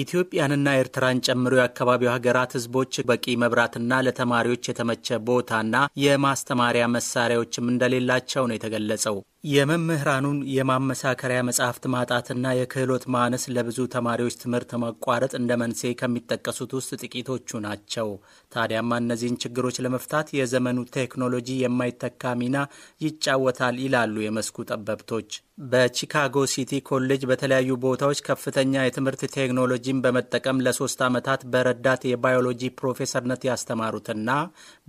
ኢትዮጵያንና ኤርትራን ጨምሮ የአካባቢው ሀገራት ህዝቦች በቂ መብራትና ለተማሪዎች የተመቸ ቦታና የማስተማሪያ መሳሪያዎችም እንደሌላቸው ነው የተገለጸው። የመምህራኑን የማመሳከሪያ መጽሐፍት ማጣትና የክህሎት ማነስ ለብዙ ተማሪዎች ትምህርት መቋረጥ እንደ መንስኤ ከሚጠቀሱት ውስጥ ጥቂቶቹ ናቸው። ታዲያማ እነዚህን ችግሮች ለመፍታት የዘመኑ ቴክኖሎጂ የማይተካ ሚና ይጫወታል ይላሉ የመስኩ ጠበብቶች። በቺካጎ ሲቲ ኮሌጅ በተለያዩ ቦታዎች ከፍተኛ የትምህርት ቴክኖሎጂን በመጠቀም ለሶስት ዓመታት በረዳት የባዮሎጂ ፕሮፌሰርነት ያስተማሩትና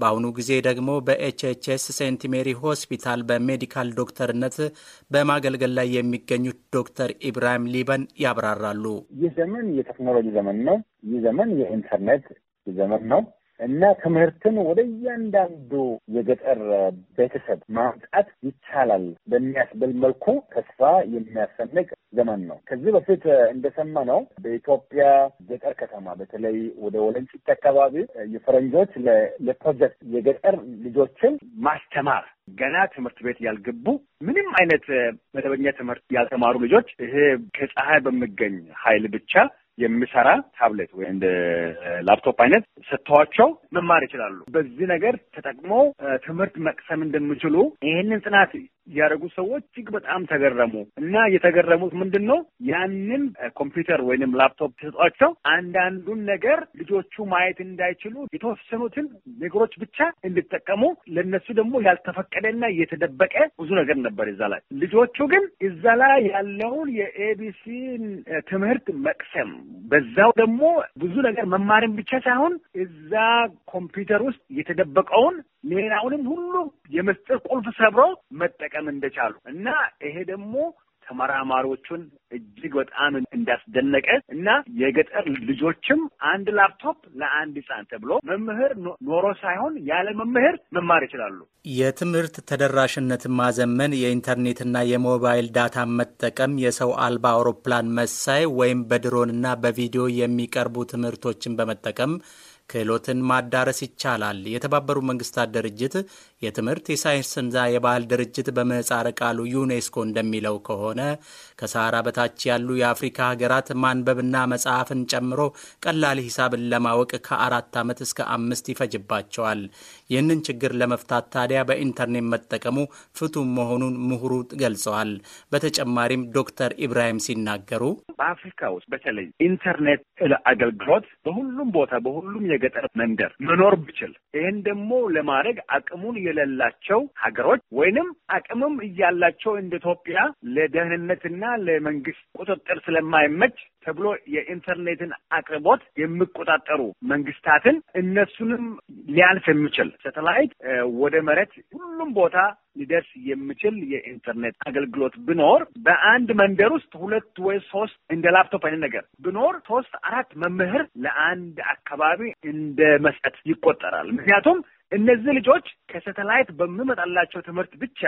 በአሁኑ ጊዜ ደግሞ በኤችኤችኤስ ሴንት ሜሪ ሆስፒታል በሜዲካል ዶክተር ኃላፊነት በማገልገል ላይ የሚገኙት ዶክተር ኢብራሂም ሊበን ያብራራሉ። ይህ ዘመን የቴክኖሎጂ ዘመን ነው። ይህ ዘመን የኢንተርኔት ዘመን ነው። እና ትምህርትን ወደ እያንዳንዱ የገጠር ቤተሰብ ማምጣት ይቻላል በሚያስብል መልኩ ተስፋ የሚያሰንቅ ዘመን ነው። ከዚህ በፊት እንደሰማ ነው። በኢትዮጵያ ገጠር ከተማ በተለይ ወደ ወለንጭት አካባቢ የፈረንጆች ለፕሮጀክት የገጠር ልጆችን ማስተማር ገና ትምህርት ቤት ያልገቡ ምንም አይነት መደበኛ ትምህርት ያልተማሩ ልጆች ይሄ ከፀሐይ በሚገኝ ኃይል ብቻ የሚሰራ ታብሌት ወይ እንደ ላፕቶፕ አይነት ሰጥተዋቸው መማር ይችላሉ። በዚህ ነገር ተጠቅሞ ትምህርት መቅሰም እንደሚችሉ ይህንን ጽናት ያደረጉ ሰዎች እጅግ በጣም ተገረሙ እና የተገረሙት ምንድን ነው ያንን ኮምፒውተር ወይንም ላፕቶፕ ተሰጧቸው አንዳንዱን ነገር ልጆቹ ማየት እንዳይችሉ የተወሰኑትን ነገሮች ብቻ እንዲጠቀሙ ለነሱ ደግሞ ያልተፈቀደና የተደበቀ ብዙ ነገር ነበር እዛ ላይ። ልጆቹ ግን እዛ ላይ ያለውን የኤቢሲ ትምህርት መቅሰም በዛው ደግሞ ብዙ ነገር መማርን ብቻ ሳይሆን እዛ ኮምፒውተር ውስጥ የተደበቀውን ሌላውንም ሁሉ የምስጢር ቁልፍ ሰብሮ መጠቀም እንደቻሉ እና ይሄ ደግሞ ተመራማሪዎቹን እጅግ በጣም እንዳስደነቀ እና የገጠር ልጆችም አንድ ላፕቶፕ ለአንድ ሕፃን ተብሎ መምህር ኖሮ ሳይሆን ያለ መምህር መማር ይችላሉ። የትምህርት ተደራሽነት ማዘመን፣ የኢንተርኔትና የሞባይል ዳታ መጠቀም፣ የሰው አልባ አውሮፕላን መሳይ ወይም በድሮንና በቪዲዮ የሚቀርቡ ትምህርቶችን በመጠቀም ክህሎትን ማዳረስ ይቻላል። የተባበሩት መንግስታት ድርጅት የትምህርት የሳይንስና የባህል ድርጅት በምህጻረ ቃሉ ዩኔስኮ እንደሚለው ከሆነ ከሰሃራ በታች ያሉ የአፍሪካ ሀገራት ማንበብና መጽሐፍን ጨምሮ ቀላል ሂሳብን ለማወቅ ከአራት ዓመት እስከ አምስት ይፈጅባቸዋል። ይህንን ችግር ለመፍታት ታዲያ በኢንተርኔት መጠቀሙ ፍቱም መሆኑን ምሁሩ ገልጸዋል። በተጨማሪም ዶክተር ኢብራሂም ሲናገሩ በአፍሪካ ውስጥ በተለይ ኢንተርኔት አገልግሎት በሁሉም ቦታ በሁሉም የገጠር መንደር መኖር ብችል ይህን ደግሞ ለማድረግ አቅሙን የሌላቸው ሀገሮች ወይንም አቅምም እያላቸው እንደ ኢትዮጵያ ለደህንነትና ለመንግስት ቁጥጥር ስለማይመች ተብሎ የኢንተርኔትን አቅርቦት የሚቆጣጠሩ መንግስታትን እነሱንም ሊያልፍ የሚችል ሳተላይት ወደ መሬት ሁሉም ቦታ ሊደርስ የሚችል የኢንተርኔት አገልግሎት ብኖር በአንድ መንደር ውስጥ ሁለት ወይ ሶስት እንደ ላፕቶፕ አይነት ነገር ብኖር ሶስት አራት መምህር ለአንድ አካባቢ እንደ መስጠት ይቆጠራል። ምክንያቱም እነዚህ ልጆች ከሳተላይት በሚመጣላቸው ትምህርት ብቻ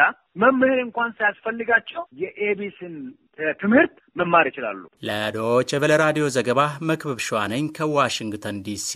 መምህር እንኳን ሳያስፈልጋቸው የኤቢስን ትምህርት መማር ይችላሉ። ለዶይቼ ቬለ ራዲዮ ዘገባ መክበብ ሸዋነኝ ከዋሽንግተን ዲሲ